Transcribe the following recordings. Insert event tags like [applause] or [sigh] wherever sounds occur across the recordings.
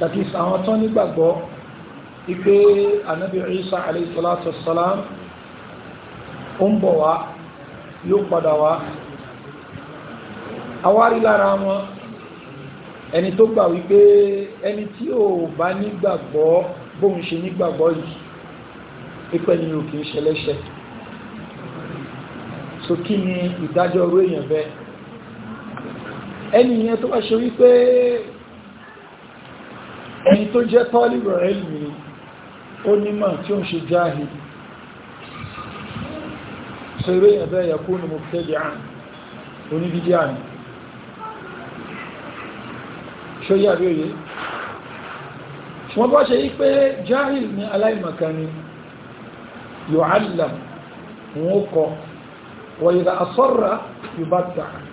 that is àwọn tán nígbàgbọ́ wípé anabi isa alayhi salatu wassalam ó ń bọ̀ wá yóò padà wá awárí lára wọn ẹni tó gbà wípé ẹni tí ò bá nígbàgbọ́ bóun ṣe nígbàgbọ́ yìí pípẹ́ ni ò kìí ṣẹlẹ́ṣẹ́ so kí ni ìdájọ́ orú èèyàn bẹ́ẹ̀ ẹni yẹn tó bá ṣe wípé ẹni tó jẹ́ talib ilmi onímọ̀ tí ó ń ṣe jahil ṣeré ẹ̀bẹ́ yakunu mubtadi'an oníbídíà ni ṣóyí àríòyé wọ́n bá ṣe yí pé jahil ni aláìmọ̀kani yu'allam wọn kọ wa idha asarra yubatta'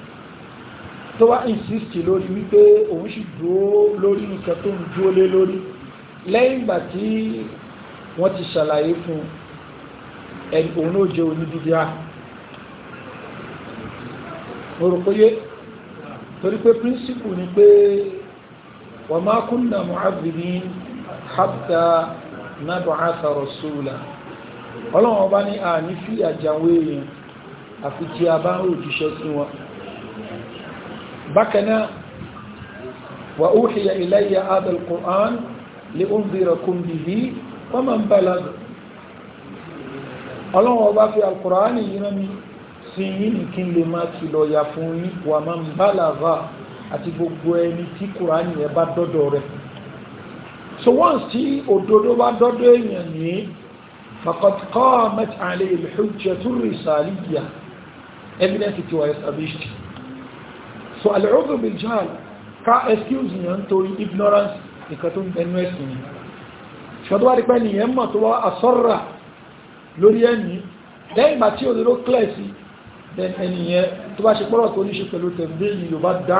tó wá insist lórí wípé òun sì dúró lórí nǹkan tó ń dúró lé lórí lẹ́yìn ìgbà tí wọ́n ti ṣàlàyé fún ẹni òun ó jẹ́ oníbídíà mo rò pé torí pé píríncípù ni pé wa ma kunna mu'adhibin hatta nab'atha rasula ọlọ́run ọba ní àní fìyà jàwé èèyàn àfi tí a bá ń rò jíṣẹ́ sí wọn بكنا وأوحي إلي هذا القرآن لأنذركم به ومن بلغ ọlọ́run ọba fi alkùránì yìí rán mi sí yín ní kí n lè máa ti lọ ya fún yín wà máa ń bá làvà àti gbogbo ẹni tí kùránì ẹ bá dọ́dọ̀ rẹ̀ so once tí òdodo bá dọ́dọ̀ èèyàn ní fàkọ̀tìkọ́ mẹ́tàlẹ́ ìlú hujjatul risaliyya evidence ti wà established so alẹ́rọ́dọ̀ bil jahl ká excuse yẹn nítorí ignorance nìkan tó ń bẹnu ẹ̀sìn ni ṣọdọ́ wá rí pẹ́ nìyẹn mọ̀ tó wá asọ́ra lórí ẹ̀mí lẹ́yìn ìgbà tí òdòdó clear sí ẹnìyẹn tó bá ṣe pọ́rọ̀ tó ní ṣe pẹ̀lú tẹ̀bí yìí bá dá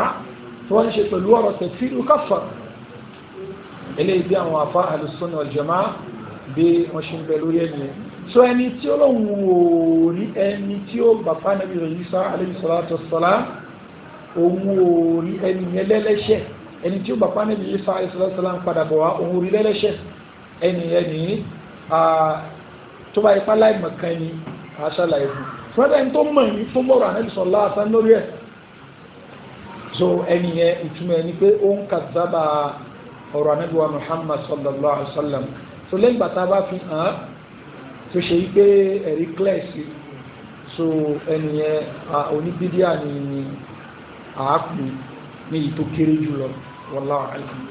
tó wá ní ṣe pẹ̀lú ọ̀rọ̀ tẹ̀fí ló káfà eléyìí bí àwọn afá al-sunnah bí wọ́n ṣe ń bẹ lórí ẹnìyẹn so ẹni tí ó lóun wò ní ẹni tí ó bàbá nàbí rẹ̀ yìí sá alayhi salatu wassalam òun ò rí ẹni yẹn lẹ́lẹ́ṣẹ̀ ẹni tí ó bá pa níbi Isa ìsọ́lọ́sọ́lá ń padà bọ̀ wá òun rí lẹ́lẹ́ṣẹ̀ ẹni yẹn ní tó bá ipá láì mọ̀kan ni àṣàlà ẹ̀bùn fúnra ẹni tó mọ̀ ní tó mọ̀rọ̀ ànẹ́bìsọ̀ láàṣà lórí ẹ̀ so ẹni yẹn ìtumọ̀ ẹni pé ó ń kàtàbà ọ̀rọ̀ ànẹ́bìwá Muhammad sallallahu alaihi wa sallam so lẹ́yìn bàtà bá fi hàn án tó ṣe yí pé ẹ̀rí clear sí so ẹni yẹn oníbídíà ni àápù ní èyí tó kéré jùlọ wallahu a'lam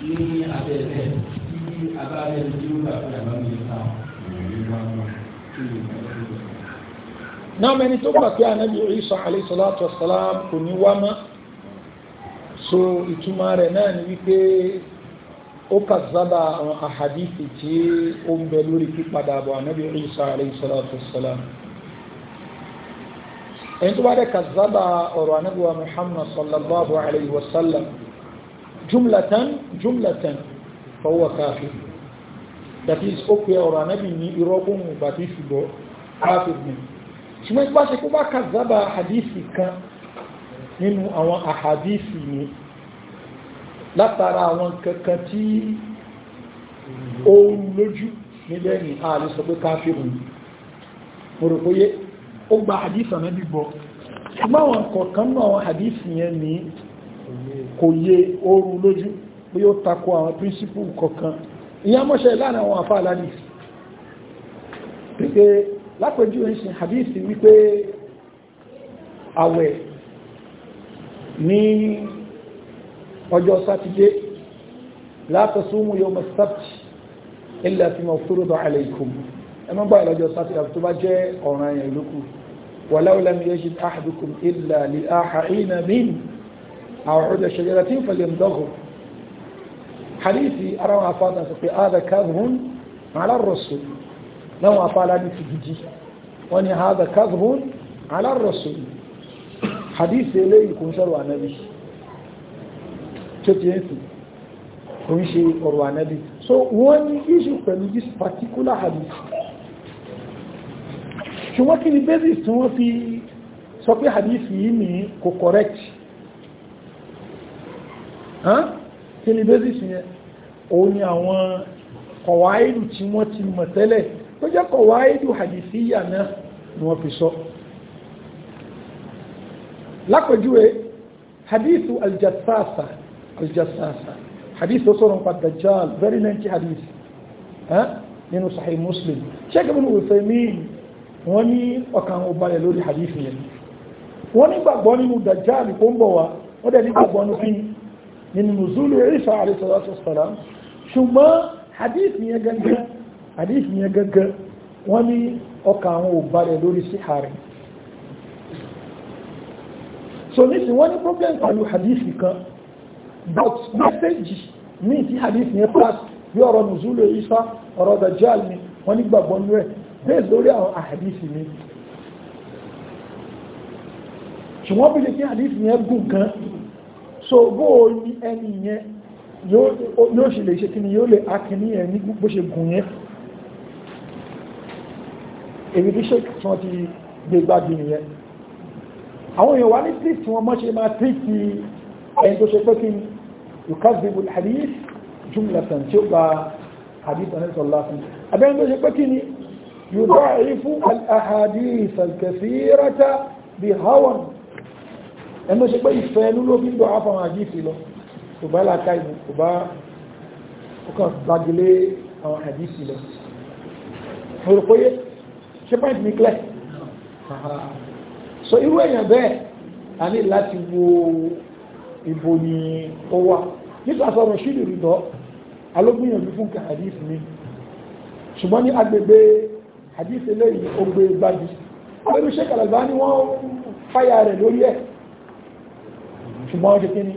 ní abẹ́rẹ́ tí abáyé tí ó bá fi àbá mi ta náà mẹ́ni tó gbà pé ànábì Ìsá alayhi salatu wassalam kò ní wá mọ́ so ìtumọ̀ rẹ̀ náà ni wípé ó kàzábà àwọn àhàdìsì tí ó ń bẹ lórí pípadà àbọ̀ ànábì Isa alayhi salatu wassalam ẹni tó bá dẹ̀ kàzábà ọ̀rọ̀ ànábì wa Muhammad sallallahu alayhi wa sallam jumlatan jumlatan fa huwa that is ó pe ọ̀rọ̀ ànábì ní irọ́ bóun bàtí ṣùgbọ́ kafir ni ṣùgbọ́n ìpàṣẹ kó bá kàzábà àhàdìsì kan nínú àwọn àhàdìsì yìí látara àwọn kankan tí ó lójú nílẹ̀ ní ààrẹ sọ pé káfíìrù mọ̀rọ̀kóyé ó gba hadith ọ̀nà bíbọ̀ ṣùgbọ́n àwọn kọ̀ọ̀kan náà hadith yẹn ní kò yé oorun lójú pé ó takò àwọn príncipù kọ̀ọ̀kan ìyá mọ́ṣẹ́ láàrin àwọn àfáà lánìí pípé lápẹjú ìṣìn hadith wípé àwẹ̀ ní ọjọ́ sátidé la tasumu yawma sabt illa fima furida alaykum ẹ má gbáyà lọ́jọ́ sátidé àti tó bá jẹ́ ọ̀ràn yẹn lókù walaw lam yajid ahadukum illa li'aha hina min a'uda shajaratin falyamdaghu hadithi ara wọn afáàdà sọ pé ada kadhbun ala ar-rasul náà wọn afáàdà eléyìí kò ń sọ̀rọ̀ ànábì ṣe ti ń sìn kò ń ṣe ọ̀rọ̀ ànábì so wọ́n ní issue pẹ̀lú this particular hadith ṣùgbọ́n kí ni basis tí wọ́n fi sọ pé hadith yìí ni kò correct kí ni basis yẹn òun ni àwọn kọ̀wáìdù tí wọ́n ti mọ̀ tẹ́lẹ̀ tó jẹ́ kọ̀wáìdù hadithiyya náà ni wọ́n fi sọ lápẹjúwe hadithu aljassasa al-jassas hadith tó sọ̀rọ̀ dajjal very lengthy hadith nínú sahih muslim ṣẹ́gbẹ́ mi wòfẹ́ mi wọ́n ní ọkàn wọn balẹ̀ lórí hadith yẹn wọ́n nígbàgbọ́ nínú dajjal kó ń bọ̀ wá wọ́n dẹ̀ nígbàgbọ́ nínú fíìmù nínú nùzúlù Ìsá àrísọ̀lọ́sọ̀sọ̀lá ṣùgbọ́n hadith yẹn gẹ́gẹ́ hadith yẹn gẹ́gẹ́ wọ́n ní ọkà àwọn òbárẹ̀ lórí sí so nísìn wọ́n problem kalu hadith kan but mẹ́sẹ̀jì ní ti hadith ní pass bí ọ̀rọ̀ nùzúlò isa ọ̀rọ̀ dajjal ni wọ́n nígbàgbọ́ nú ẹ̀ bẹ́ẹ̀ lórí àwọn hadith ni ṣùgbọ́n bí lè kí hadith ní ẹgùn kan so bó o ní ẹni yẹn yóò ṣe lè ṣe kí ni yóò lè akíní ẹ̀ ní bó ṣe gùn yẹn èyí tí ṣéèkì tí wọ́n ti gbé gbájú nìyẹn àwọn èèyàn wá ní tí wọ́n mọ́ ṣe máa tí ti ẹni tó ṣe pé yukazibu alhadith jumlatan tí ó gba hadith anabi sallallahu alaihi wasallam abẹ́rẹ́ tó ṣe pé kí ni yudaifu alahadith alkathirata bi hawan ẹnu ṣe pé ìfẹ́ ẹnu ló fi ń dọ̀ àfọwọ́n àjíìsì lọ kò bá láka ìbò kò bá ọkàn gbagilé àwọn àjíìsì lọ mo rò pé ṣe pẹ́ǹtì ní clear so irú èèyàn bẹ́ẹ̀ a ní láti wo ibo ni ó wà nípasẹ̀ ọ̀rọ̀ ṣílì rìdọ́ alógúnyànjú fún ká hadith ṣùgbọ́n ní agbègbè hadith eléyìí ó gbé gbájú abẹ́mi ṣe kàlàgbà ní wọ́n fáyà rẹ̀ lórí ẹ̀ ṣùgbọ́n ọjọ́ kí ni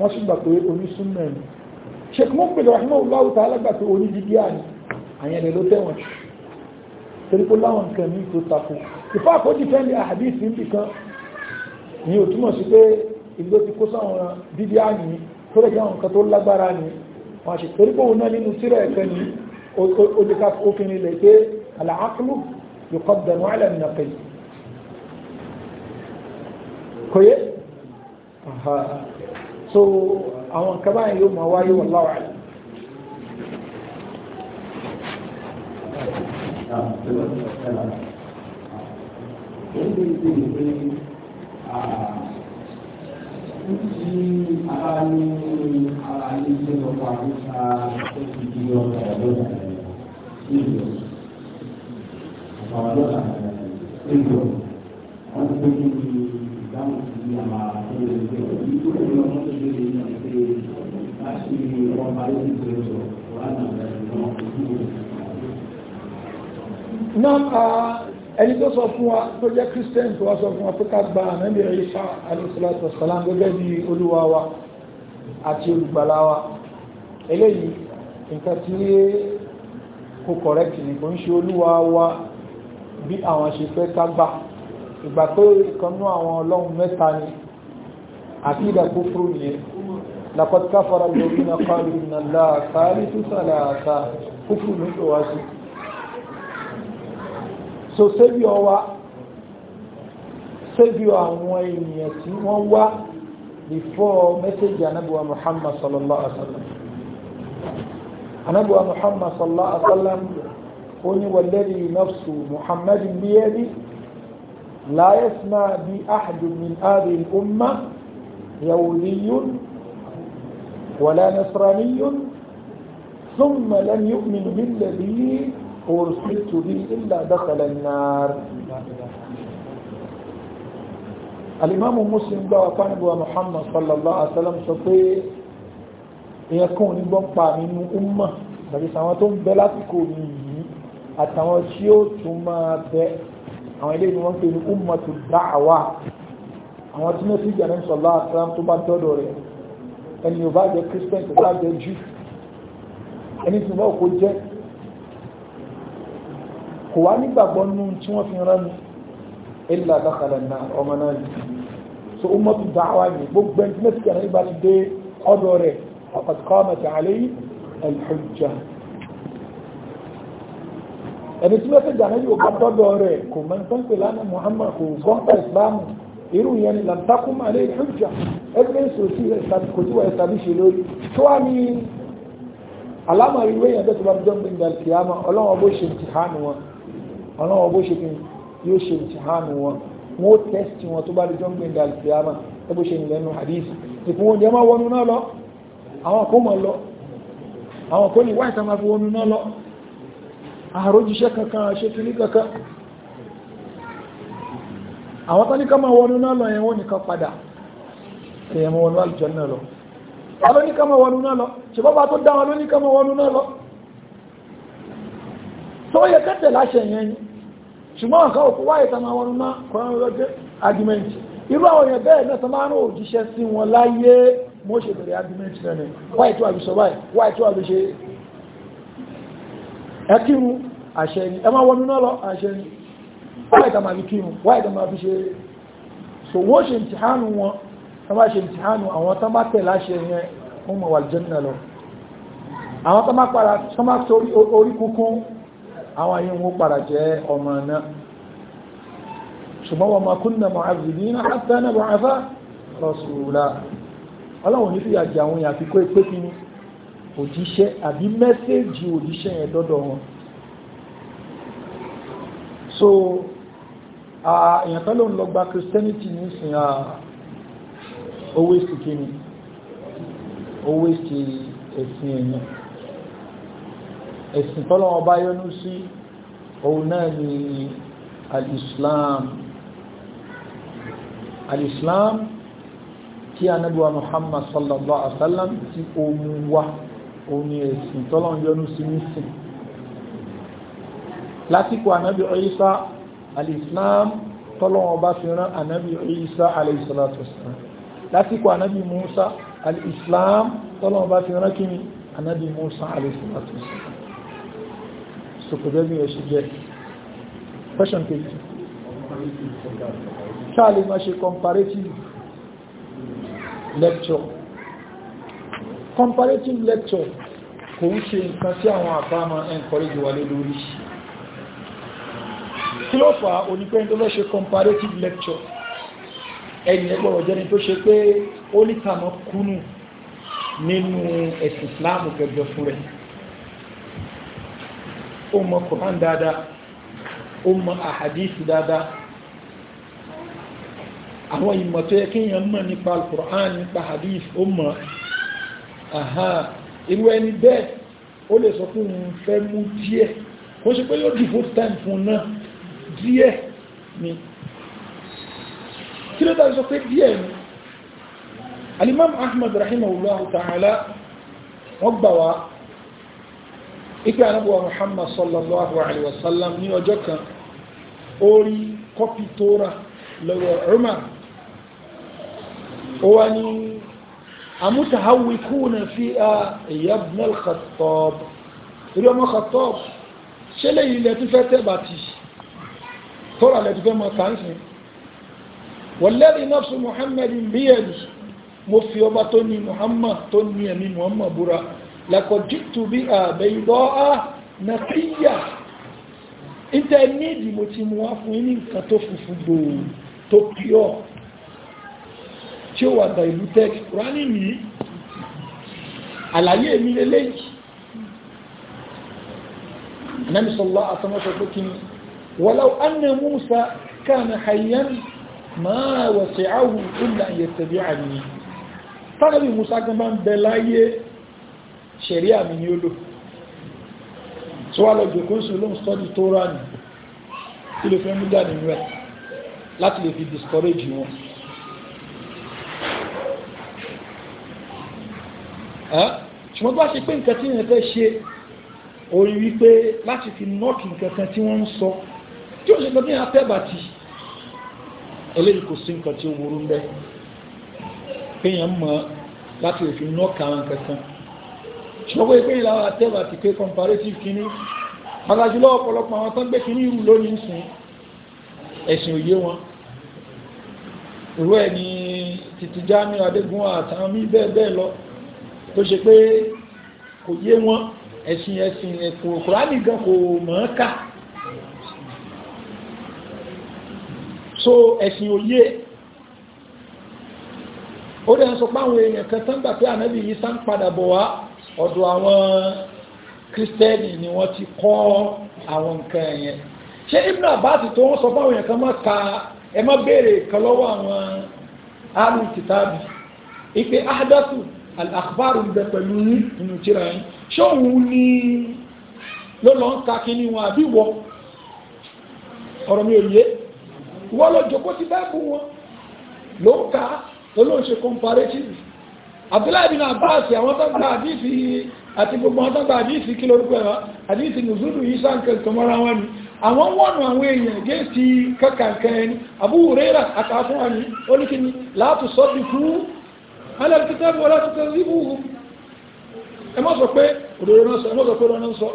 wọ́n sì gbà pé onísúnnà ni sheik mọ́pẹ̀lẹ̀ rahimahullah ta'ala gbà pé onídìdí àní àyẹ̀lẹ̀ ló tẹ̀wọ̀n jù torí pé láwọn nǹkan ní tó tako ìfá àkójì fẹ́ndì àhàdìsì ń bì kan ni ò túmọ̀ sí pé ìgbó ti kó sáwọn dídí àní tó lè jẹ́ àwọn nǹkan tó lágbára ni wọ́n ṣe torí pé òun náà nínú tírà ẹ̀kẹ́ ni ó lè ká òfin ilẹ̀ pé al-aqlu yuqaddamu ala yóò máa wáyé wallahu a'lam títí ara ní ara ní ṣe lọ́pọ̀ àkókò tó ti di ọ̀gá ọ̀dọ́dà ìlú ọ̀gá ọ̀dọ́dà ìlú wọ́n ti pé kí ni ìdáhùn sí àmà tó lè gbé ọ̀dọ́ ìlú tó lè lọ́mọ́ tó lè ní ọ̀dọ́ láti ọba yóò ti gbé ọ̀dọ́ wọ́n á nà ọ̀dọ́ ìlú náà ẹni tó sọ fún wa tó jẹ́ christian tó wá sọ fún wa pé ká gba ànábì Ìsá alayhisalatu wasalam gẹ́gẹ́ bí olúwa wa àti olùgbàlà wa eléyìí nǹkan tí kò correct ni kò ń ṣe olúwa wa bí àwọn ṣe fẹ́ ká gbà ìgbà pé ìkanú àwọn ọlọ́run mẹ́ta ni àti ìdàkó fúrú nìyẹn laqad kafara alladhina qalu inna Allaha thalithu thalatha kúfùrù ló ń pè so savior wa savior àwọn ènìyàn tí wọ́n wá before message anabiwa muhammad sallallahu alaihi wa sallam anabiwa muhammad sallallahu alaihi wa sallam ó ní walladhi nafsu muhammadin biyadi la yasma bi ahadun min hadhihi umma yawliyun ولا نصراني ثم لم يؤمن بالذي أرسلت به إلا دخل النار الإمام مسلم قال فعل محمد صلى الله عليه وسلم سطيع يكون بمقع من أمة bàbí sàwọn tó ń bẹ lásìkò mi yìí àtàwọn tí ó tún máa bẹ àwọn ilé ìwọ̀n pé ní ummatu da'wa àwọn tí wọ́n ti jẹ́ ní sọ̀lá àtàwọn tó bá dọ́dọ̀ rẹ̀ ẹni ò bá jẹ́ christian kò bá jẹ́ jew ẹni tí wọ́n kò jẹ́ kò wá nígbàgbọ́ nínú tí wọ́n fi rán mi ilà dákàlẹ̀ náà ọmọ náà ni so ó mọ́tò dá wa ní gbogbo ẹni tí mẹ́tì kan nígbà ti dé ọ̀dọ̀ rẹ̀ ọ̀pọ̀tìkọ́ ọmọ tí a lè yí ẹ̀lẹ́jà ẹni tí mẹ́tì kan yóò bá dọ́dọ̀ rẹ̀ kò mọ́ nǹkan pè lánàá Muhammad kò gbọ́ǹkà ìsìlámù irú yẹn ni làǹtakùn àlẹ́ ìlẹ́jà evidence òsì rẹ̀ kò tí wà ẹ̀ tàbí ṣe lórí tó wà ní alámọ̀ ìwé yẹn tó ti bá jọ́ ọlọ́wọ́ bó ṣe fi yóò ṣe ìtìhánu wọn wọn ó tẹ́sítì wọn tó bá di jọ́ǹgbé ní alìsíyàmà ẹ bó ṣe ń lẹ́nu hadith ìpín wọn jẹ́ máa wọnú náà lọ àwọn kò mọ̀ lọ àwọn kò ní wáyé tá máa fi wọnú náà lọ àròjíṣẹ́ kankan àṣekiri kankan àwọn tó ní ká máa wọnú náà lọ yẹn wọ́n nìkan padà kẹyẹ mọ́ wọnú àlùjọ náà lọ àwọn máa wọnú náà lọ ṣùgbọ́n tó dá wọn máa wọnú náà lọ tó yẹ kẹ́tẹ̀ láṣẹ yìí ṣùgbọ́n nǹkan òkú wáyé tàmà wọn ná kọ́nà lọ́jẹ́ argument irú àwọn èèyàn bẹ́ẹ̀ náà tàmà ń òjíṣẹ́ sí wọn láyé mo ṣe bẹ̀rẹ̀ argument rẹ̀ wáyé tó àbí sọ báyìí wáyé tó àbí ṣe ẹ kírun àṣẹ ni ẹ máa wọnú náà lọ àṣẹ ni wáyé tàmà fi kírun wáyé tàmà fi ṣe so wọ́n àwọn ayé wọn padà jẹ́ ọmọ náà ṣùgbọ́n wọn ma kunna mu'azzibina hatta nab'atha rasula ọlọ́run ní fìyà jẹ àwọn èèyàn àfi kó pé kí ni òjíṣẹ́ àbí mẹ́sẹ́ẹ̀jì òjíṣẹ́ yẹn dọ́dọ̀ wọn so èèyàn tó lóun lọ gba christianity ní sin owó ìsìnkí ni owó ìsìnkí ẹ̀sìn èèyàn ẹ̀sìn tọ́lọ́wọ́ bá yọ́nú sí òun náà ni al-islam al-islam tí ànábì wa muhammad sallallahu alaihi wasallam tí ó mú wá òun ni ẹ̀sìn tọ́lọ́wọ́ yọ́nú sí nísìn lásìkò ànábì Ìsá al-islam tọ́lọ́wọ́ bá fi rán ànábì Ìsá alayhi salatu wassalam lásìkò Musa al-islam tọ́lọ́wọ́ bá fi rán kíni ànábì Musa alayhi salatu sòkòbẹ́mí ẹ̀ ṣe jẹ́ question kejì ṣáàlì máa comparative lecture comparative lecture kò ń ṣe nǹkan tí àwọn àbá máa encourage wà lé lórí kí ló fà onípẹ́ tó fẹ́ ṣe comparative lecture ẹ̀yìn ẹgbọ̀rọ̀ jẹ́ni tó ṣe pé ó ní tàmọ́ kúnnù nínú ẹ̀sìn Islam kẹjọ fún rẹ̀ ó mọ Quran dáadáa ó mọ àhàdíìsì dáadáa àwọn ìmọ̀ tó yẹ kéèyàn mọ̀ nípa Quran nípa hadith ó mọ̀ irú ẹni bẹ́ẹ̀ ó lè sọ fún un fẹ́ mú díẹ̀ ó ṣe pé yóò devote time fún náà díẹ̀ ni kí ló dáa sọ pé díẹ̀ ni alimam ahmad rahimahullahu ta'ala wọ́n gbà wá ipe anabuwa muhammad sallallahu alaihi wasallam ní ọjọ́ kan ó rí kọ́pì tó rà lọ́wọ́ umar ó wá ní amutahawikuna fi a yabna al-khattab rí ọmọ khattab ṣe lè ilẹ̀ tó fẹ́ tẹ́ bàtì tọ́rà lẹ́tọ́ fẹ́ lẹ́kọ̀ọ́ jítù bí ààbẹ̀ ìbọ́ á na kíyà ìtẹ́ nídìí mo ti mú wá fún yín ní nǹkan tó funfun gbòò tó pure tí ó wà diluted rání mi àlàyé mi lélẹ́yìí Ànábì sallallahu alaihi wasallam pé kí ni walau anna Musa kana hayyan ma wasi'ahu illa an yattabi'ani tánàbí Musa gan bá ń bẹ láyé ṣẹ̀rí àmì ni ó lò tó wà lọ jòkóṣù ló ń sọ́dí tó rà ní kí ló fẹ́ mú jáde rẹ̀ láti lè fi discourage wọn ṣùgbọ́n bá ṣe pé nǹkan tí ìyẹn fẹ́ ṣe orí wípé láti fi nọ́ọ̀kì nǹkan kan tí wọ́n ń sọ tí ó ṣe kan ní atẹ́bàtì eléyìí kò sí nǹkan tí ó wúrú ń bẹ́ kéèyàn mọ̀ láti lè fi nọ́ọ̀kì àwọn nǹkan kan ṣọwọ́ ẹgbẹ́ ìlàwọ̀ àtẹ́wà ti pé comparative kìíní pàtàkìlọ́ ọ̀pọ̀lọpọ̀ àwọn tán gbé kìíní ìrù lónìí sùn ẹ̀sìn òye wọn ìrú ẹ̀ ní títí jámi adégún àtàwọn mí bẹ́ẹ̀ bẹ́ẹ̀ lọ tó ṣe pé kò yé wọn ẹ̀sìn ẹ̀sìn ẹ̀kọ́ kùránì gan kò mọ̀ ọ́n kà so ẹ̀sìn òye ó dẹ̀ ń sọ pé àwọn èèyàn kan tán gbà pé ànábì yìí sá ń padà bọ̀ wá Ọdụ àwọn kírísítẹ́nì ni wọ́n ti kọ àwọn nǹkan yẹn ṣé Ibn Abbas tó wọ́n sọ fáwọn kan ka ẹ má béèrè kan lọ́wọ́ àwọn alu kìtàbì ipe ahdathu al bẹ pẹ̀lú nínú tíra yín ṣé òun ni ló lọ wọ ọrọ mi ò yé lọ jókòó ti wọn abdullahi bin abbas àwọn tó gba àdífì àti gbogbo àwọn tó gba àdífì kí lórúkọ ẹ̀rọ àdífì nùzúlù yìí sáǹkà tọmọra wọn ni àwọn wọ́nà àwọn èèyàn gé sí kankan ẹni Abu Huraira àtàfún wọn ni ó ní kí ni láàtù sọ́bì fún alẹ́kítẹ́bù ọlọ́tútẹ́ síbú ẹ má sọ pé òdòdó náà sọ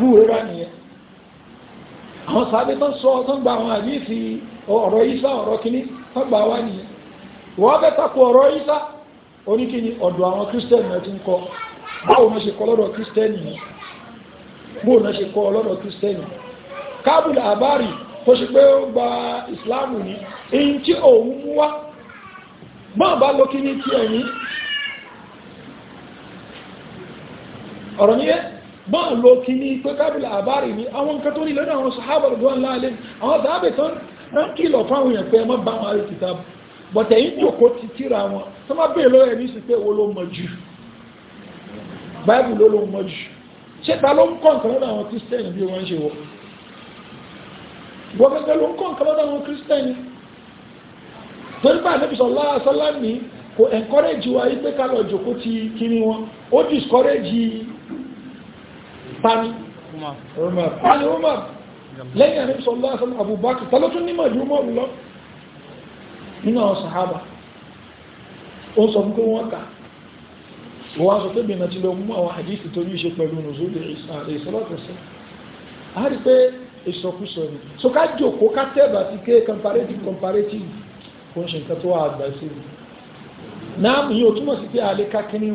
nìyẹn àwọn sábẹ́ tán sọ tán gba àwọn àdíìsì ọ̀rọ̀ isa ọ̀rọ̀ kìíní tán gba wá nìyẹn wọ́n bẹ́ tako ọ̀rọ̀ isa oníkìíní ọ̀dọ̀ àwọn kírísítẹ́nì ẹ̀ ti ń kọ báwo náà ṣe kọ lọ́dọ̀ kírísítẹ́nì báwo náà ṣe kọ lọ́dọ̀ kírísítẹ́nì kábùlù àbárì tó ṣe pé ó gba ìsìláàmù ní èyí tí òun mú wá báà ló kí ní pé kábílà àbárì ní àwọn nǹkan tó ní lọ́dọ̀ àwọn sàhábà rẹ̀ wọ́n láàlẹ́ àwọn sàhábà tán rán kìlọ̀ fáwọn èèyàn pé ẹ má bá wọn àrẹ kìtà bọ̀tẹ̀ yìí jòkó ti tíra wọn tó má bèèrè lọ́wọ́ ẹ̀mí sí pé wo ló mọ̀ jù báìbù ló ló mọ̀ jù tani Umar tani Umar lẹ́yìn àrẹ sọ́lá àṣọ Abubakar tọ́lọ́tún ní màjú Umar lọ nínú àwọn sàhábà ó sọ fún kó wọ́n kà wọ́n sọ pé bìnà ti lọ mú àwọn àdísì tó ní ṣe pẹ̀lú nùzúlẹ̀ ìsọ́lọ́tọ̀sọ́ a rí pé ìsọkúsọ ni so ká jòkó ká tẹ́bà sí ké comparative comparative kò ń ṣe nǹkan tó wà àgbà sí i náà mi ò túmọ̀ sí pé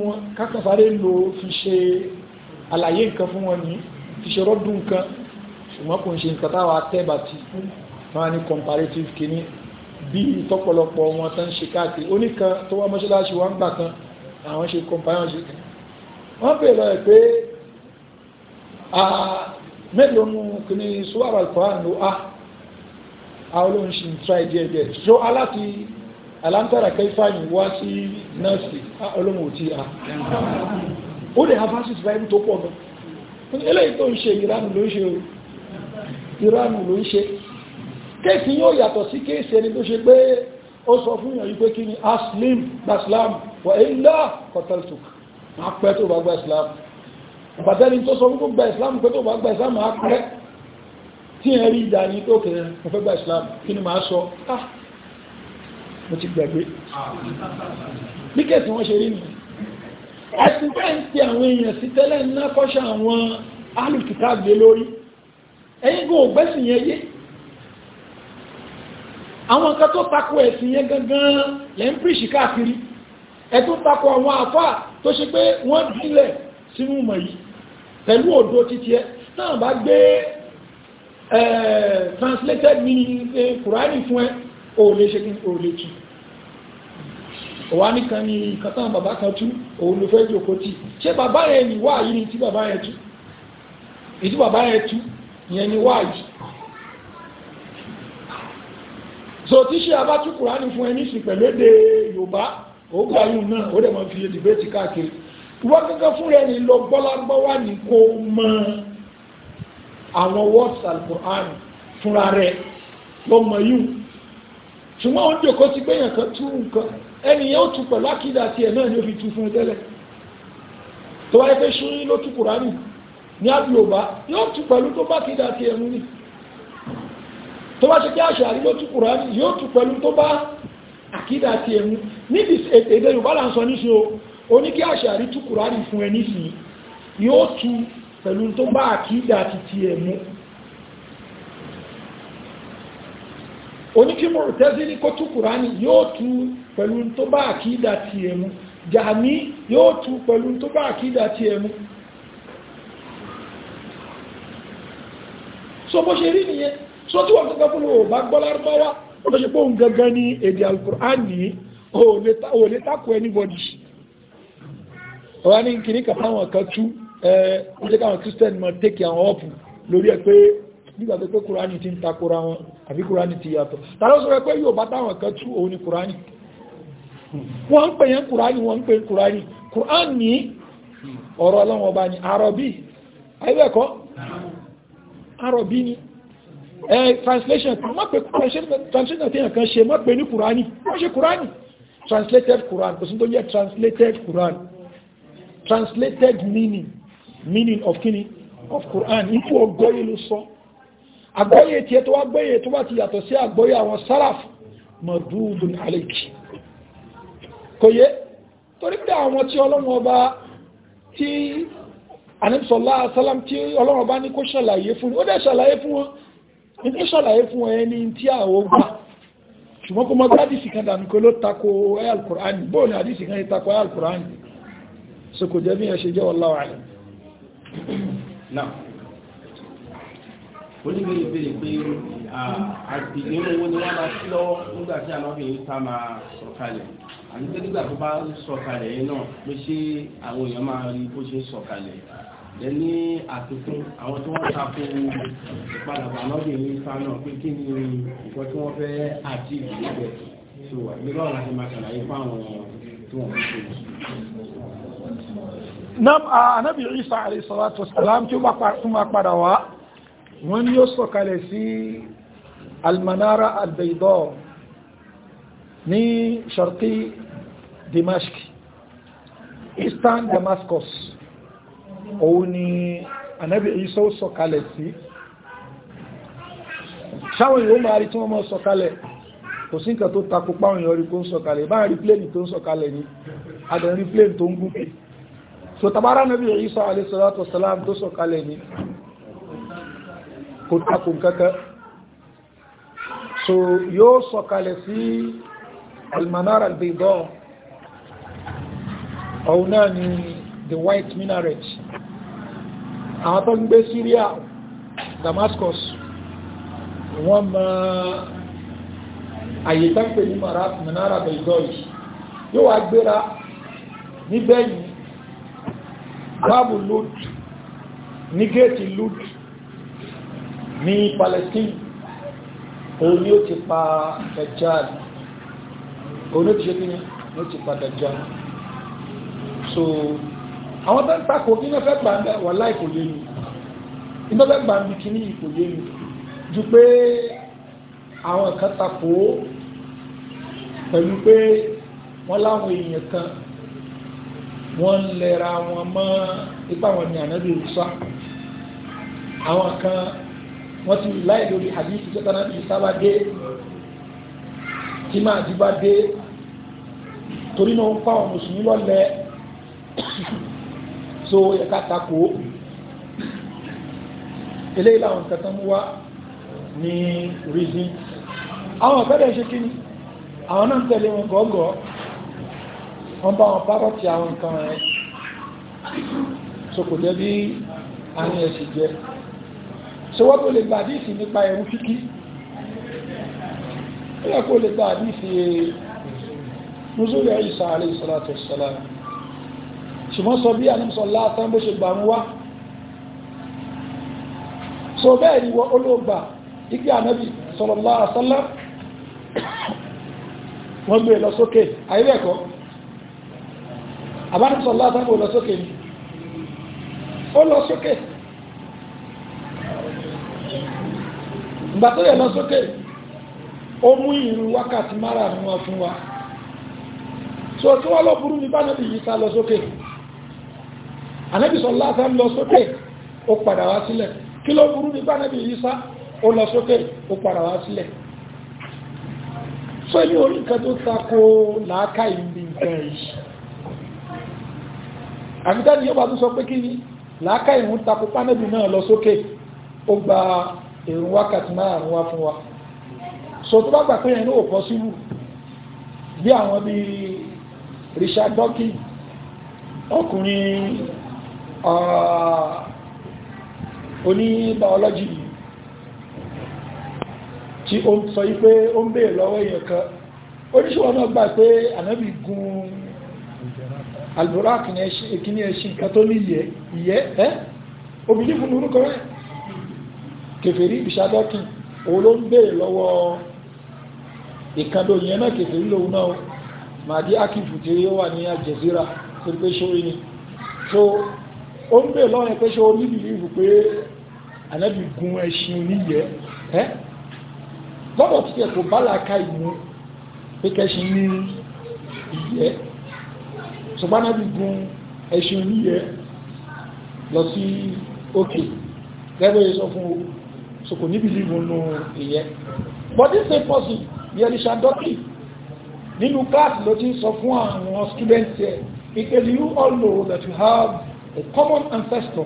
wọn kákan sáré lò fi ṣe àlàyé nǹkan fún wọn ní ti ṣe rọ́dún nǹkan ṣùgbọ́n kò ń ṣe nǹkan táwa tẹ́bà tí wọ́n ní comparative kìíní bí tọ́pọ̀lọpọ̀ wọn tán ṣe káàkiri ó nìkan tó wá mọ́ṣáláṣí wọn gbà kan àwọn ṣe comparative ṣe wọ́n bèèrè lọ́yẹ̀ pé mélòó mú kìíní suwara alkohan ló àwọn ṣì ń tra díẹ̀ díẹ̀ so aláti alántara kẹfà yìí wá sí nọ́ọ̀sì olóhùn ò a ó lè have access bible tó pọ̀ gan eléyìí tó ń ṣe ìranù ló ń ṣe o ìranù ló ń ṣe kéèsì yóò yàtọ̀ sí kéèsì ẹni tó ṣe pé ó sọ fún ìyàn yí pé kí ni aslim gbaslam wà ilá kọtẹ́lùtùk máa pẹ́ tó bá gba islam ìbàtẹ́ni tó sọ fún gba islam pé tó bá gba islam máa pẹ́ tí ẹ rí ìdá ní tó kẹrẹ mo fẹ́ gba islam kí ni máa sọ ah mo ti gbàgbé ẹ̀sìn tẹ́ǹtì àwọn èèyàn sí tẹ́lẹ̀ ńlá kọ́ṣà àwọn alùkìtàgbé lórí ẹ̀yìn gan ògbẹ́sìn yẹn yé àwọn nǹkan tó takò ẹ̀sìn yẹn gangan lẹ́ ń píríṣì káàkiri ẹ̀ tó takò àwọn àfáà tó ṣe pé wọ́n bílẹ̀ sínú mọ̀ yìí pẹ̀lú òdo títí ẹ náà bá gbé translated meaning eh, Kùránì fún ẹ ò lè ṣe kí ò wà nìkan ni ìkàtàn bàbá kan tú òun ló fẹ́ jòkó tí ṣé bàbá yẹn ni wà yìí ni tí bàbá yẹn tú ìtú bàbá yẹn tú ìyẹn ni wà yìí so tí ṣe abá tú kùránì fún ẹni sì pẹ̀lú èdè Yorùbá ó gbà yìí náà ó dẹ̀ mọ́ fi dìbẹ́tì káàkiri wọ́n gẹ́gẹ́ fún rẹ̀ ni lọ gbọ́lágbọ́ wà ní kó mọ àwọn words al-Qur'an fúnra rẹ̀ lọ́mọ yìí ṣùgbọ́n ó ń jòkó sí gbẹ̀yàn kan tú nǹkan ẹnìyẹn ó tu pẹ̀lú àkídà tiẹ̀ náà ni ó fi tu fún un tẹ́lẹ̀ tó wáyé pé ṣúrí ló tu kùránì ní àbíòbá yóò tu pẹ̀lú tó bá àkídà tiẹ̀ mú ni tó bá ṣe pé àṣàrí ló tu kùránì yóò tu pẹ̀lú tó bá àkídà tiẹ̀ mú níbi èdè Yorùbá là ń sọ níṣe o oní kí àṣàrí tu kùránì fún ẹ nísìnyí yóò tu pẹ̀lú tó bá àkídà ti tiẹ̀ oníkímọ̀rù tẹ́sí ní kó tú kùránì yóò tú pẹ̀lú tó bá àkídà ti ẹ̀mú jàmí yóò tú pẹ̀lú tó bá àkídà ti ẹ̀mú so bó ṣe rí nìyẹn so tí wọ́n tó gbọ́pùlù ò bá gbọ́ lárúbáwá ó tó ṣe pé òun gangan ní èdè alkùránì ò lè takò anybody àbí kùránì ti yàtọ̀ tàbí sọ pé yóò bá táwọn kan tú òun ni kùránì wọ́n ń pè yẹn kùránì wọ́n ń pè kùránì kùránì ọ̀rọ̀ ọlọ́wọ́n ọba ni arọ̀bí ayébẹ̀kọ́ arọ̀bí ni translation má pè translation tí yàn kan ṣe má pè ní translated Quran kò sí tó translated Quran translated meaning meaning of kini of Quran ipò ọgọ́ yìí ló àgbọ́yé tí ẹ tó wá gbọ́yé tó bá ti yàtọ̀ sí àgbọ́yé àwọn sáraf mọ̀dúdùn àlèkì kò yé torí pé àwọn tí ọlọ́run ọba tí anìsọ̀lá asálám tí ọlọ́run ọba ní kó ṣàlàyé fún ó dẹ̀ ṣàlàyé fún wọn ní kó ṣàlàyé fún wọn ẹni tí àwọ gbà ṣùgbọ́n kó mọ́ gbá dìsì kan dànù kó ló tako ayalkùrán bóò ní àdìsì kan tako ayalkùrán oníbèrè bèrè pé àgbègbè owó ni wọ́n máa sí lọ́wọ́ nígbà tí àmọ́bìnrin ta máa sọ̀kalẹ̀ àti pé nígbà tó bá ń sọ̀kalẹ̀ yẹn náà pé ṣé àwọn èèyàn máa rí bó ṣe sọ̀kalẹ̀ yẹn ní àfikún àwọn tí wọ́n ta kó ìpadàbọ̀ àmọ́bìnrin ta náà pé kí ni nǹkan tí wọ́n fẹ́ àti ìgbẹ́ tó wà nígbà wọn láti máa ṣàlàyé fáwọn tí wọ́n fi ṣe. nam anabi isa alayhi salatu wa salam tí ó padà wá wọ́n ní ó sọ̀kalẹ̀ sí almanara albeidọ́ ní ṣarqi dimashq eastern damascus òun ni anábi isa ó sọ̀kalẹ̀ sí ṣáwọn yóò máa rí tí wọ́n mọ́ sọ̀kalẹ̀ kò sí nǹkan tó takò páwọn èèyàn rí kó ń sọ̀kalẹ̀ bá rí pléènì tó ń sọ̀kalẹ̀ ní adẹ̀rí pléènì tó ń gúnpẹ̀ so tabara nabi isa alayhi salatu wasalam tó sọ̀kalẹ̀ ní kò takùn kankan so yóò sọ̀kalẹ̀ sí almanara albeidọ́ ọ̀hún náà ni the white minaret àwọn tó ń gbé Syria Damascus wọ́n ma àyè tánkpé ní manara albeidọ́ yìí yóò gbéra níbẹ̀ báàbù lóòtù ní géètì lóòtù ní Palestine òun ni ó ti pa Dajjal òun ló ti ṣe kíni ló ti pa Dajjal so àwọn tó ń takò kí ní ọ̀fẹ́ gbà ń bẹ̀ wọ́n láì kò yé mi iná fẹ́ gbà ń bi kíní kò yé mi ju pé àwọn kan takò pẹ̀lú pé wọ́n láwọn èèyàn kan wọ́n ń lẹ́ra wọn mọ́ ipá wọn ni ànábì òrùsá àwọn kan wọ́n ti láì lórí hadith tó tánà bí sábà dé tí máa di dé torí náà ń fa àwọn mùsùlùmí lọ́lẹ̀ [coughs] so ẹ̀ka tako eléyìí làwọn nǹkan tán mú wá ní reason àwọn ọ̀kadà ṣe kí ni àwọn náà ń tẹ̀lé wọn gọ́gọ́ wọ́n bá wọn párọ̀ tí àwọn nǹkan rẹ̀ so kò jẹ́ bí àwọn ẹ̀sìn jẹ́ so wọ́n tó lè gba àdísì nípa ẹ̀rú kíkí ó yẹ kó lè gba àdísì nùsùlẹ̀ Ìsá alayhi salatu wassalam ṣùgbọ́n sọ bí àníṣọ́ látán bó ṣe gbà ń wá so e bẹ́ẹ̀ ni wọ́n olóògbà igi ànábì sallallahu ìgbà tó yẹ lọ sókè ó mú ìrù wákàtí mara ní wọn fún wa so tí wọ́n lọ burú ní bánàbí yìí sá lọ sókè ànábìsọ̀ lásán lọ sókè ó padà wá sílẹ̀ kí ló burú ní bánàbí yìí sá ó lọ sókè ó padà wá sílẹ̀ so ní orí nǹkan tó tako làákà ìbí nǹkan yìí àbítáni yóò bá tún sọ pé kí ni làákà ìhun tako pánàbí náà lọ sókè ó gba èrò wákàtí márùn-ún wá fún wa so tó bá gbà pé yẹn ní ò pọ́síwù bí àwọn bí Richard Dawkins ọkùnrin ah, oní biology tí ó ń sọ yí pé ó ń bèèrè lọ́wọ́ èèyàn kan oníṣòwò náà gbà pé ànábì gun alburak ní ẹṣin nǹkan tó ní ìyẹ́ ẹ́ obìnrin fún orúkọ rẹ̀ kèfèrí ìbísàdọ́kìn òun ló ń béèrè lọ́wọ́ ìkàndó yẹn náà kèfèrí lòun náà màdí akífù tí ó wà ní àjẹsíra tó pé ṣórí ni so ó ń béèrè lọ́rẹ̀ pé ṣó ní bìlíìfù pé ànábì gun ẹṣin oníyẹ ẹ́ lọ́dọ̀ tí kẹ̀ kò bá làákà ìmú pé kẹ́ṣin ní ìyẹ́ ṣùgbọ́n ànábì gun ẹṣin oníyẹ lọ sí òkè gẹ́gẹ́ sọ fún o so kò ní bìlíìfù nù ìyẹn but this same person bí elisha dọ́kì nínú class ló ti sọ fún àwọn students ẹ̀ because you all know that you have a common ancestor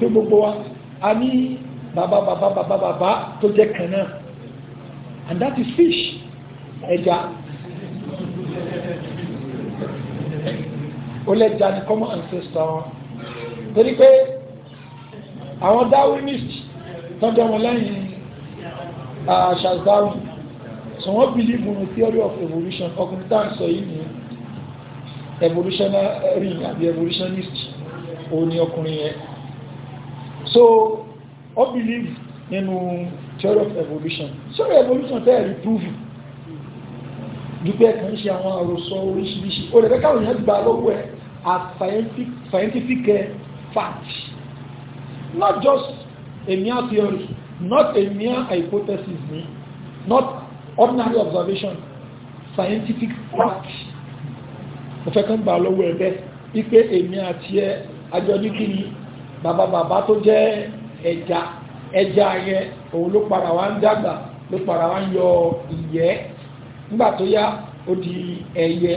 tó gbogbo wa a ní bàbá bàbá bàbá bàbá tó jẹ́ kan and that is fish ẹja ó lẹ́jà ní common ancestor wọn torí pé àwọn darwinist tọ́jọ́ wọn lẹ́yìn Shazawi so wọ́n believe in the theory of evolution ọkùnrin tá à ń sọ yìí ní evolutionary àbí evolutionist òun ni ọkùnrin yẹn so ó believe nínú theory of evolution theory of evolution tẹ́ ẹ̀rí prove dúpẹ́ kan ṣe àwọn àròsọ oríṣiríṣi ó lè fẹ́ káwọn èèyàn gbà lọ́wọ́ ẹ̀ as scientific, scientific eh, fact not just a mere theory, not a mere hypothesis, not ordinary observation, scientific fact. Mo fẹ́ kán gbà lọ́wọ́ ẹ̀bẹ́ wípé èmi àti ẹ àjọ ní kí ni bàbá bàbá tó jẹ́ ẹja ẹja yẹn òun ló para wá ń dàgbà ló para wá ń yọ ìyẹ́ nígbà tó yá ó di ẹyẹ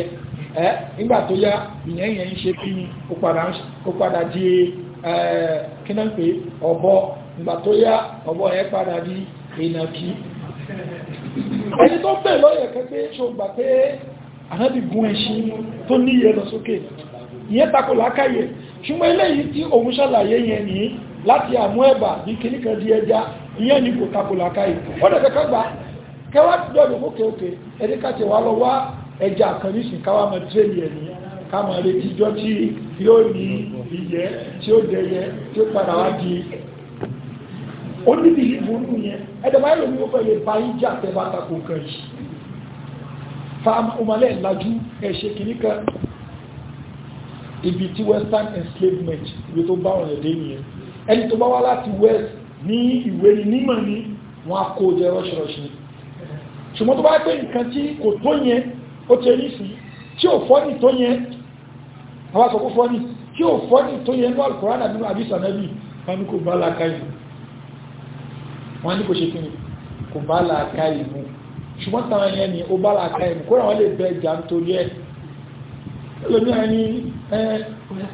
ẹ nígbà tó yá ìyẹn yẹn ń ṣe kí ni ó padà di kí náà pé ọ̀bọ ìgbà tó yá ọ̀bọ̀ ẹ̀ padà di ìnàkí ẹni tó bẹ̀ lọ́yẹ̀ kẹfẹ́ ṣògbà pé ànábì gun ẹṣin tó níyẹ lọ sókè ìyẹn takò lákàyè ṣùgbọ́n eléyìí tí òun ṣàlàyé yẹn ní láti àmú ẹ̀bà bí kìníkan di ẹja ìyẹn ni kò takò lákàyè ó dẹ̀ kẹ́kọ́ gbà kẹwàá ti dọ̀dọ̀ òkè òkè ẹni káti wà lọ wá ẹja kan nísìn káwà mọ̀ tírèlì ẹ̀ ní káàmọ̀ retí jọ tí yóò ó dẹyẹ tí ó padà wá di ó ní bìlíìfù nù yẹn ẹ̀dẹ̀bá yóò ní ó fẹ́ lè ba yín jà tẹ́ bá tako kan yìí fáwọn ọmọlẹ́ ìlàjú ẹ̀ṣẹ̀ kìíní kan ibi tí western enslavement ibi tó bá ọ̀rọ̀ ẹ̀dẹ́ nìyẹn ẹni tó bá wá láti west ní ìwé ni nímọ̀ ni wọ́n á kó jẹ rọ́ṣirọ́ṣi ṣùgbọ́n tó bá pé nǹkan tí kò tó yẹn ó ti rí sí tí ò fọ́nì tó yẹn àwọn àsọ̀kú fọ́nì tí ò fọ́nì tó yẹn lọ́ọ̀lù kọ́ránà ni kò bá lákàyè wọ́n ní kò ṣe kí ni kò bá làákà ìmú ṣùgbọ́n táwọn ẹni ẹni ó bá làákà ìmú kó ràn wọ́n lè bẹ jà nítorí ẹ̀ lómi ẹni ẹ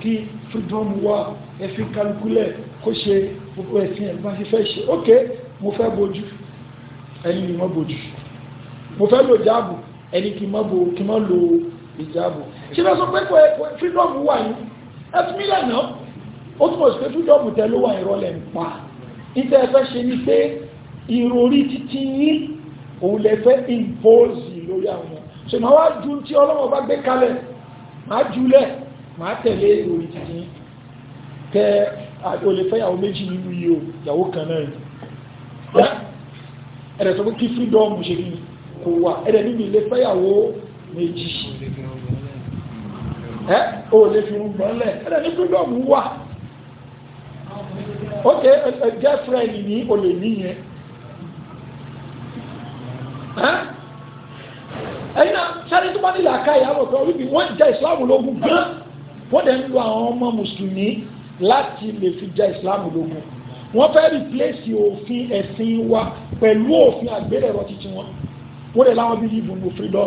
kí fúdọ́mù wá ẹ̀fín kálukúlẹ̀ kó ṣe gbogbo ẹ̀sìn ẹ̀gbá sí fẹ́ ṣe ok mo fẹ́ bojú ẹni ni mo bojú mo fẹ́ lo jáàbù ẹni kì mọ́ bo kì mọ́ lo ìjáàbù ṣé fẹ́ sọ pé fúdọ́mù wà yìí ẹ fi mí ó túnbọ̀ sí pé fúdọ́mù tẹ ló wà ìrọ̀lẹ́ ń ìtẹ́ ẹ̀fẹ́ ṣe ní pé ìròrí títí yín òun lẹ́fẹ́ impose lórí àwọn so ma wá ju tí ọlọ́wọ́ bá gbé kalẹ̀ ma jùlẹ̀ ma tẹ̀lé ìròrí títí yín tẹ olèfẹ́ yàwó méjì nínú iye o yàwó kan náà rẹ̀ ẹ̀rẹ̀ tó kí freedom ṣe ní kò wà ẹ̀rẹ̀ nínú ilé fẹ́ yàwó méjì ẹ̀ o lè fi rúgbọ́n lẹ̀ ẹ̀rẹ̀ ní freedom wà ok girlfriend ní o lè ní yẹn ẹ̀yìn náà sáré tó bá nílò àká ìyàwó pé orí bí wọ́n jẹ́ ìsìláàmù lógún gan wọ́n dẹ̀ ń lo àwọn ọmọ mùsùlùmí láti lè fi jẹ́ ìsìláàmù lógún wọ́n fẹ́ rìpléṣì òfin ẹ̀sìn wa pẹ̀lú òfin àgbélẹ̀rọ títí wọn wọ́n dẹ̀ láwọn bíi ìbùn òfin lọ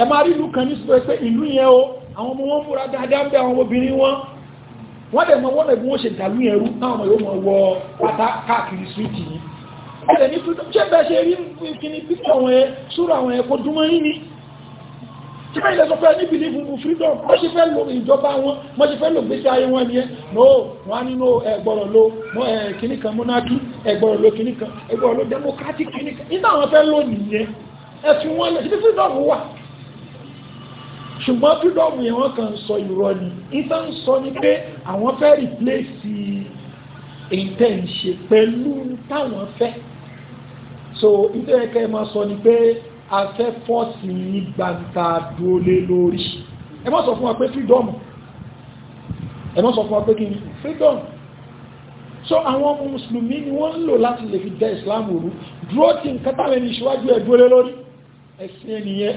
ẹ máa rí ìlú kan ní sọ pé ìlú yẹn o àwọn ọmọ wọn múra dáadáa ń bẹ àwọn obìnrin wọn wọ́n dẹ̀ mọ wọ́n ẹ̀gbọ́n ó ṣe dàlú ẹrú táwọn yóò mọ̀ wọ pátá káàkiri síríìtì yìí ẹ̀rẹ̀ ní tuntun ṣé bẹ́ẹ̀ ṣe rí kíní pípọ̀ àwọn ẹ súra àwọn ẹ kó dúnmọ́ yín ni tí wọ́n ilẹ̀ sọ pé ní believe in freedom wọ́n ṣe fẹ́ lo ìjọba wọn wọ́n ṣe fẹ́ lo gbèsè ayé wọn nìyẹn no wọ́n á nínú ẹgbọ̀rọ̀ lo kíní kan monarchy ẹgbọ̀rọ̀ lo kíní kan ẹgbọ̀rọ̀ lo democratic kíní kan iná àwọn fẹ́ lo nìyẹn ẹ̀sùn wọn lẹ̀ ṣe fẹ́ freedom wà ṣùgbọ́n fídọ́ọ̀mù yẹn wọ́n kàn ń sọ irọ́ ni ìtàn ń sọ ni pé àwọn fẹ́ rìpléèsì ètè ń ṣe pẹ̀lú táwọn fẹ́ so ìtẹ́ ẹ̀kẹ́ máa sọ ni pé a fẹ́ fọ́ọ̀sì ní gbàǹtà dúólé lórí ẹ má sọ fún wa pé fídọ́ọ̀mù ẹ má sọ fún wa pé kí ni fídọ́ọ̀mù so àwọn ọmọ mùsùlùmí ni wọ́n ń lò láti lè fi dẹ ìsìláàmù rú dúró tí nǹkan táwọn ẹni ìṣíwájú ẹ̀ dúólé lórí ẹ̀sìn ẹnìyẹn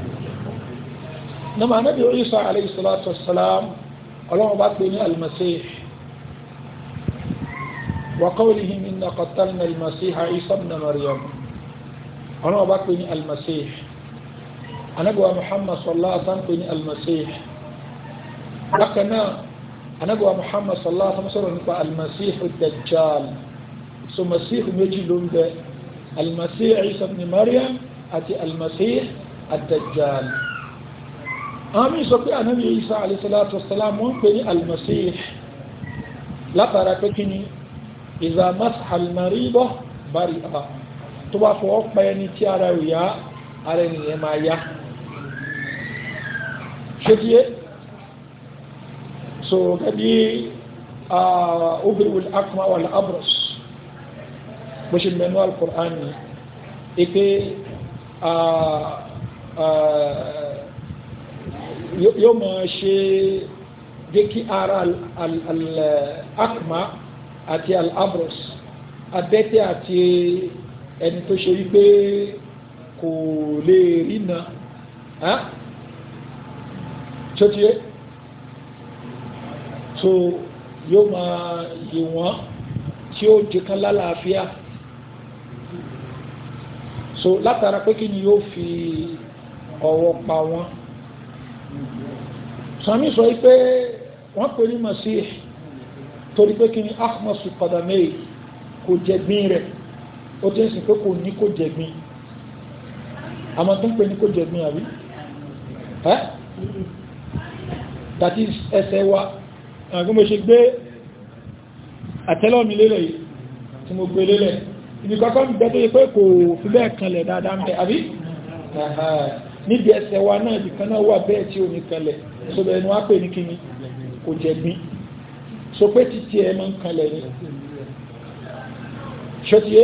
nama anabi isa alayhi salatu wa salam ọlọ́run bá pè ní almasih wa qawlihim inna qatalna almasiha isa ibn maryam ọlọ́run bá pè ní almasih anabi wa muhammad sallallahu alaihi wasallam pè ní almasih bákan náà anabi wa muhammad sallallahu alaihi wasallam sọ̀rọ̀ nípa almasih dajjal so masih méjì ló ń bẹ almasih isa ibn maryam àti almasih dajjal àwọn míì sọ pé ànábì Isa alayhi salatu wassalam wọ́n pè ní al-Masih látara pé kí ni iza masha al-marido bari'a tó bá fọwọ́ pa ẹni tí ara ò ara ènìyàn máa yá ṣé so gẹ́bí ubirul akma wal abros mẹ́nu al-Qur'an ni yóò mọ̀ ṣe jẹ́ kí ara al-akma eh, àti al-abros adẹ́tẹ̀ àti ẹni tó ṣe wípé kò lè rí na tó ti yé tó yóò máa yè tí ó jẹ́ kan lálàáfíà so látara pé kí ni yóò fi ọwọ́ pa wọ́n sami sọ pé wọ́n pè ní masih torí pé kí ni ahmasu qadamay kò jẹ̀gbin rẹ̀ ó ti ń sìn pé kò ní kò jẹ̀gbin àmọ́ tó ń pè ní kò jẹ̀gbin àbí ẹ́ that is ẹsẹ̀ wa àgbọ́n mo ṣe gbé àtẹ́lọ́mi lélẹ̀ yìí tí mo gbé lélẹ̀ ibi kọ́kọ́ ń bẹ́ tó yẹ pé kò fi bẹ́ẹ̀ kanlẹ̀ dáadáa ń bẹ àbí níbi ẹsẹ̀ wa náà nìkan náà wà bẹ́ẹ̀ tí ò ní kanlẹ̀ so bẹ́ẹ̀ ni wọ́n á pè ní kíni kò jẹ̀gbín so pé títí ẹ máa ń kanlẹ̀ ni ṣọ́tíyé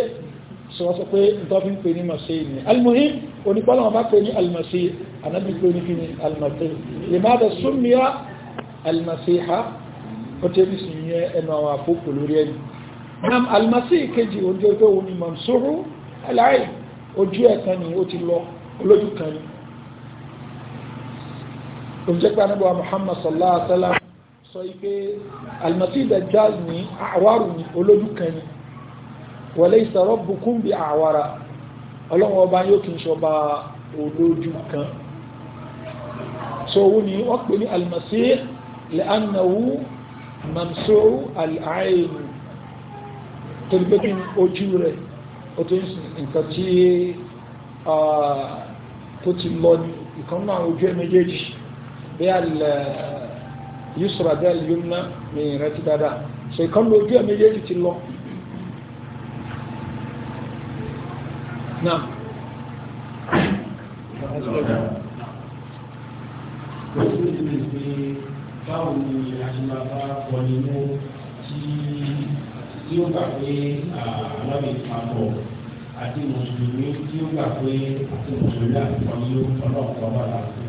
so wọ́n sọ pé nǹkan fi ń pè ní masẹ́ ni almuhim onípọ́lọ́ wọn bá pè ní almasẹ́ anábì pé ní kíni almasẹ́ limada súnmíà almasẹ́ ha ó tẹ́bí sì yẹ ẹnu àwọn àfókò lórí ẹni nam almasẹ́ kejì ojú ọjọ́ òní mamsuru aláì ojú ẹ̀ kan ni ó ti lọ olójú kan ni ló jẹ́ pé anábọ̀ Muhammad sallallahu alaihi wasallam sọ ike al-Masih ad-Dajjal ní àwárù ní olójú kan ní wa laysa rabbukum bi a'wara ọlọ́wọ́ ọba yóò kì í ṣọba olójú kan so owó ni wọ́n pè ní al-Masih li'annahu mamsu'u al-'ayn torí ojú rẹ̀ ó tó ń sin nǹkan tí ah, tó ti lọ ní ìkan ojú ẹ̀ méjèèjì bẹ́ẹ̀ lẹ́ eh, yusra bẹ́ẹ̀ yumna mi rántí dáadáa so ìkànnì ojú ẹ̀ méjèèjì ti lọ. náà báwo ni àṣìbàbà pọ̀lìmọ́ tí tí ó gbà pé àti mùsùlùmí tí ó gbà pé àti mùsùlùmí àti pọ̀lìmọ́ ọlọ́ọ̀kọ́ bá láti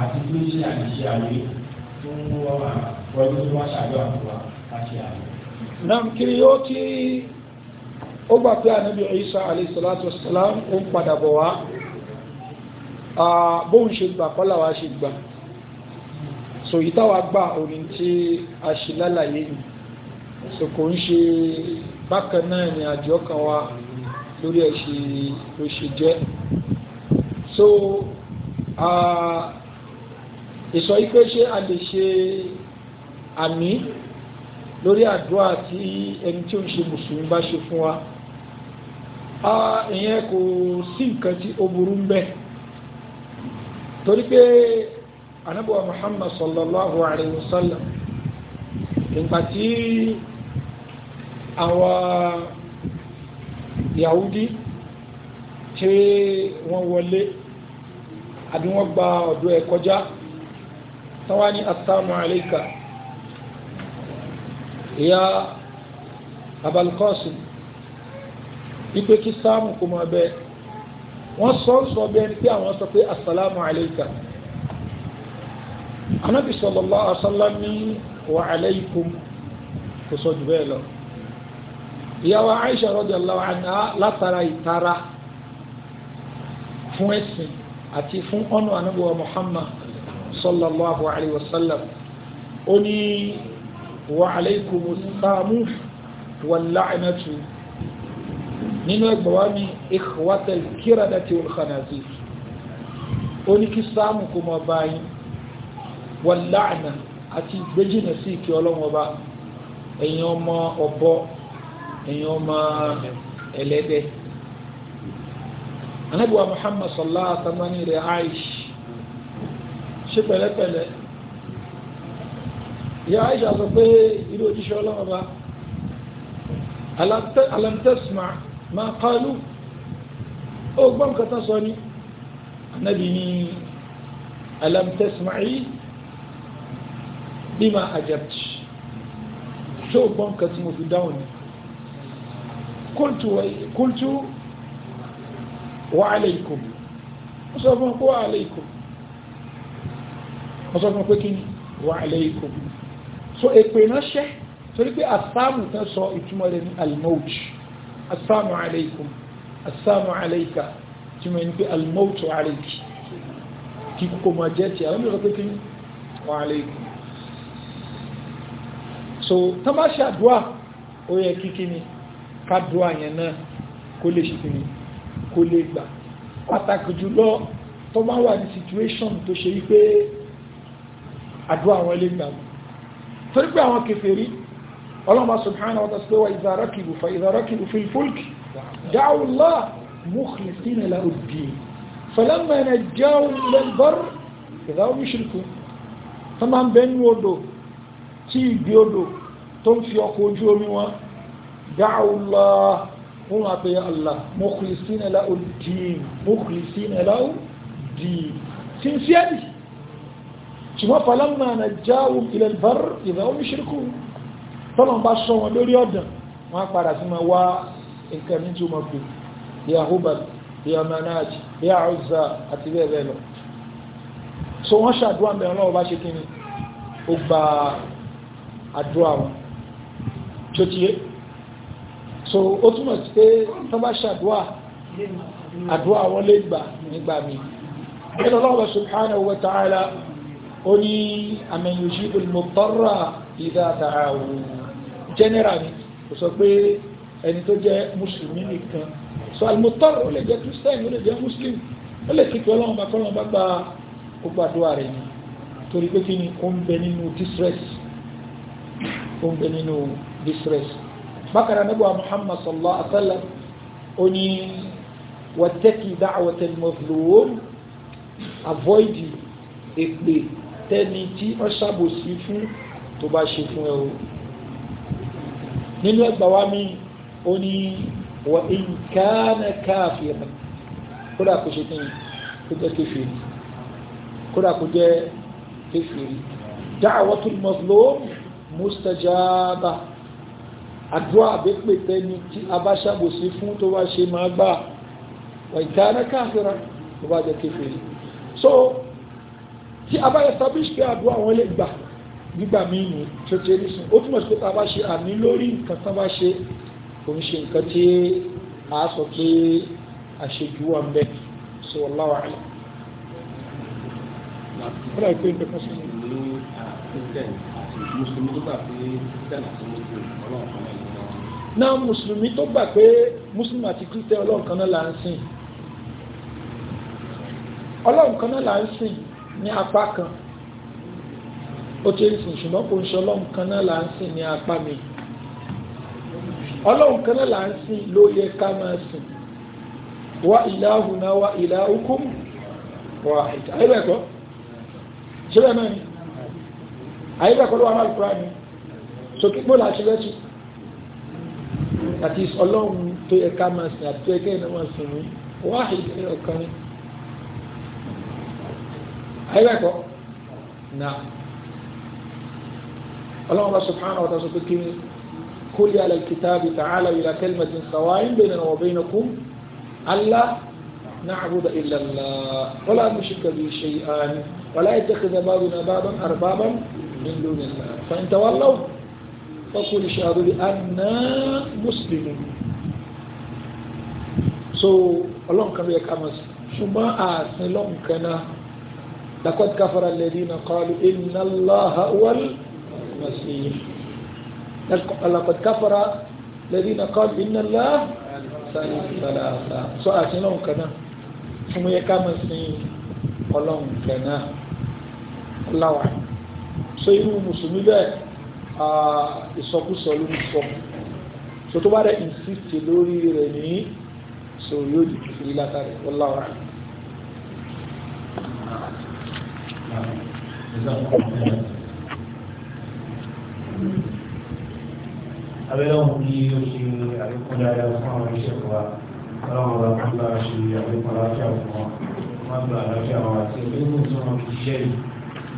àti tó ṣe àṣìṣe àwẹ̀ tó ń mú wọn wọlé tó wá ṣàdó àbúrò àti àwẹ̀. nam kiri yóò tí ó gbà pé ànábì Isa alayhi salatu wassalam ó padà bọ̀ wá bóun ṣe gbà kọ́là wá ṣe gbà so yìí táwa gbà òní tí a yìí so kò ń ṣe bákan náà ni àjọ kan wá lórí ẹ̀ ṣe ló ṣe jẹ́ so. Uh, ìsọ ipé ṣe a lè ṣe àmì lórí àdúrà tí ẹni tí ó ń ṣe mùsùlùmí bá ṣe fún wa ìyẹn kò sí nǹkan tí ó burú ń bẹ torí pé anábọ̀wá Muhammad sallallahu alayhi wa sallam ìgbà tí àwọn Yahudi tí wọ́n wọlé àbí wọ́n gba ọ̀dọ̀ ẹ̀ kọjá tọ́wá ní assalamu alayka ìyá Abal Qasim ipe kí sáàmù kò máa bẹ wọ́n sọ ń sọ bẹ́ẹ̀ ni pé àwọn sọ pé assalamu alayka anábì sallallahu alaihi wasallam ní wa alaykum kò sọ jù bẹ́ẹ̀ lọ ìyàwó Aisha radiyallahu anha látara ìtara fún ẹ̀sìn àti fún ọ̀nà anábìwá Muhammad sallallahu alayhi wa sallam ó ní wa alaykum as-samu wal-la'natu nínú ẹgbẹ̀ wá ní ikhwatal kiradati wal khanazir ó ní kí sáàmù kó mọ báyìí wal-la'na àti ìgbéjìnà sí ìkẹ́ ọlọ́wọ́ bá ẹ̀yin ọmọ ọ̀bọ ẹ̀yin ọmọ ẹlẹ́dẹ̀ anábíwá muhammad sallallahu alayhi wa sallam ṣe pẹ̀lẹ́pẹ̀lẹ́ ìyá Aisha sọ pé ilé òjíṣẹ́ ọlọ́mọba alam tasma' ma qalu ó gbọ́n kata sọ ní anábì ní alam tasma'i bima ajabti ṣó gbọ́n kata mo fi dáhùn ní qultu wa alaykum ó sọ fún wa alaykum wọ́n sọ fún pé kí ni wà alaykum so èpè náà ṣẹ́ torí pé asáàmù tán sọ ìtumọ̀ rẹ̀ ní almout asáàmù alaykum asáàmù alayka tí mo ní pé almout alayki kí kò máa jẹ́ ti àwọn mìíràn pé kí ni wà alaykum so tán bá ṣe àdúrà ó yẹ kí kí ni ká dúrà yẹn náà kó lè ṣe kí kó lè gbà pàtàkì jùlọ tó bá wà ní situation tó ṣe wípé àdúrà àwọn ilé ìgbà torí pé àwọn kèfèrí ọlọ́mà subhanahu wa ta'ala wa idha rakibu fa idha rakibu fil fulki da'u Allah mukhlisina lahu ad-din falamma najjahum ila al-barr idha hum yushrikun tọ́mà ń bẹ́nu odò tí ìgbé odò tó ń fi ọkọ̀ sincerely ṣùgbọ́n falamma najjahum ila al-barr idha hum yushrikun tọ́lọ̀n bá sọ wọn lórí ọ̀dàn wọ́n padà sí ma wá nǹkan ní tí ó ma pè ya Hubal ya Manat ya Uzza àti bẹ́ẹ̀ bẹ́ẹ̀ lọ so wọ́n ṣàdúrà mẹ́rin lọ́wọ́ bá ṣe kíni ó gba àdúrà wọn tí ó ti yé so ó túmọ̀ sí pé tọ́ bá ṣàdúrà àdúrà wọn lè gbà nígbà mi ẹ̀rọ lọ́wọ́ subhanahu wa ta'ala ó ní àmẹ́yòjì olùmọ̀tọ́rà ìdá àtàràwò general ni kò sọ pé ẹni tó jẹ́ mùsùlùmí nìkan so alùmọ̀tọ́rà ó lè jẹ́ christian ó lè jẹ́ muslim ó lè kíkọ́ ọlọ́run bá kọ́lọ́run bá gba gbogbo àdúrà rẹ̀ ni torí pé kí ni ó ń bẹ nínú distress avoid èpè tẹ́ni tí wọ́n ṣàbòsí fún tó bá ṣe fún ẹ o nínú ẹgbà wa mi ó ní wà ìkánà káàfìrì kódà kó ṣe kí ni kó jẹ́ kéfìrì kódà kó jẹ́ kéfìrì da'watul mazlum mustajaba àdúrà àbẹ́pẹ̀ tẹ́ni tí a bá ṣàbòsí fún tó bá ṣe máa gbà wà ìkánà káàfìrì tó bá jẹ́ kéfìrì so tí a bá establish pé àdúrà wọn lè gbà nígbà míì ní tẹtẹrìsìn ó túmọ̀ sí pé tá a bá ṣe àmì lórí nǹkan tán bá ṣe kò ń ṣe nǹkan tí a sọ pé àṣejù wà ń bẹ sọ wọn láwà rẹ. Bọ́lá ìpè ń pẹ́pẹ́ sọ́yìn. Ní Christian àti Mùsùlùmí tó gbà pé Christian àti Mùsùlùmí ọlọ́run kan náà ló wọ́n. Náà Mùsùlùmí tó gbà pé Mùsùlùmí àti Christian ọlọ́run kan náà là ń sìn. Ọlọ́run kan náà là ń sìn ní apá kan ó ti rí sìn ṣùgbọ́n kò ń ṣe ọlọ́run kan náà là ń sìn ní apá mi ọlọ́run kan náà là ń sìn ló yẹ ká máa sìn wá ilahuna wá ilahukum wá ìta ayébẹ̀kọ́ náà ni ayébẹ̀kọ́ ló wà náà lùkúrá ni sókè pọ́ là ṣe àti ọlọ́run tó yẹ ká máa sìn àti tó yẹ sìn ní wá ìta ọkàn ni ayẹ́kọ́ na ọlọ́run subhanahu wa ta'ala sọ pé kí ni kuli ala alkitabi ta'ala ila kalimatin sawa'in baynana wa baynakum alla na'budu illa Allah wala nushrika bihi shay'an wala yattakhidha ba'duna ba'dan arbaban min dunillah fa in tawallaw faqul ishhadu bi anna muslimun so ọlọ́run kan bí ẹ ká mọ̀ sí ṣùgbọ́n àsìn lọ́nkàn náà لقد كفر الذين قالوا إن الله هو المسيح لقد كفر الذين قالوا إن الله ثلاثة سؤال سنون كنا ثم يكام سنين قلون كنا الله أعلم سيرو مسلمي بẹ́ẹ̀ ìsọkúsọ ló ń sọ so tó bá rẹ̀ insist lórí rẹ̀ ní so yóò di kìfìrí abẹ́rẹ́ òun ní oṣù àríkún dáadáa fún àwọn iṣẹ́ wa ọlọ́run ọba kan bá ṣe àríkún aláfíà fún wọn wọ́n gba àláfíà wọn àti ìgbéyìí tí wọ́n fi ṣiṣẹ́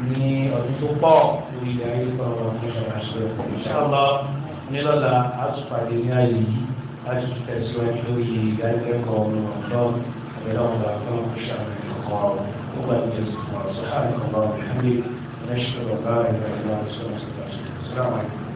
yìí ní ọdún tó pọ̀ lórí ayé kan ọ̀rọ̀ fún ìṣàkóso ìṣàlọ́ nílọ́la àtúpàdé ní ààyè yìí láti tẹ̀síwájú lórí ìdánilẹ́kọ̀ọ́ ọ̀nà ọ̀dọ́ àbẹ̀lẹ́ ọ̀gá fún ìṣàkóso ọ̀rọ̀. وبارك سبحانك اللهم وبحمدك ونشهد ان لا اله الا انت نستغفرك السلام عليكم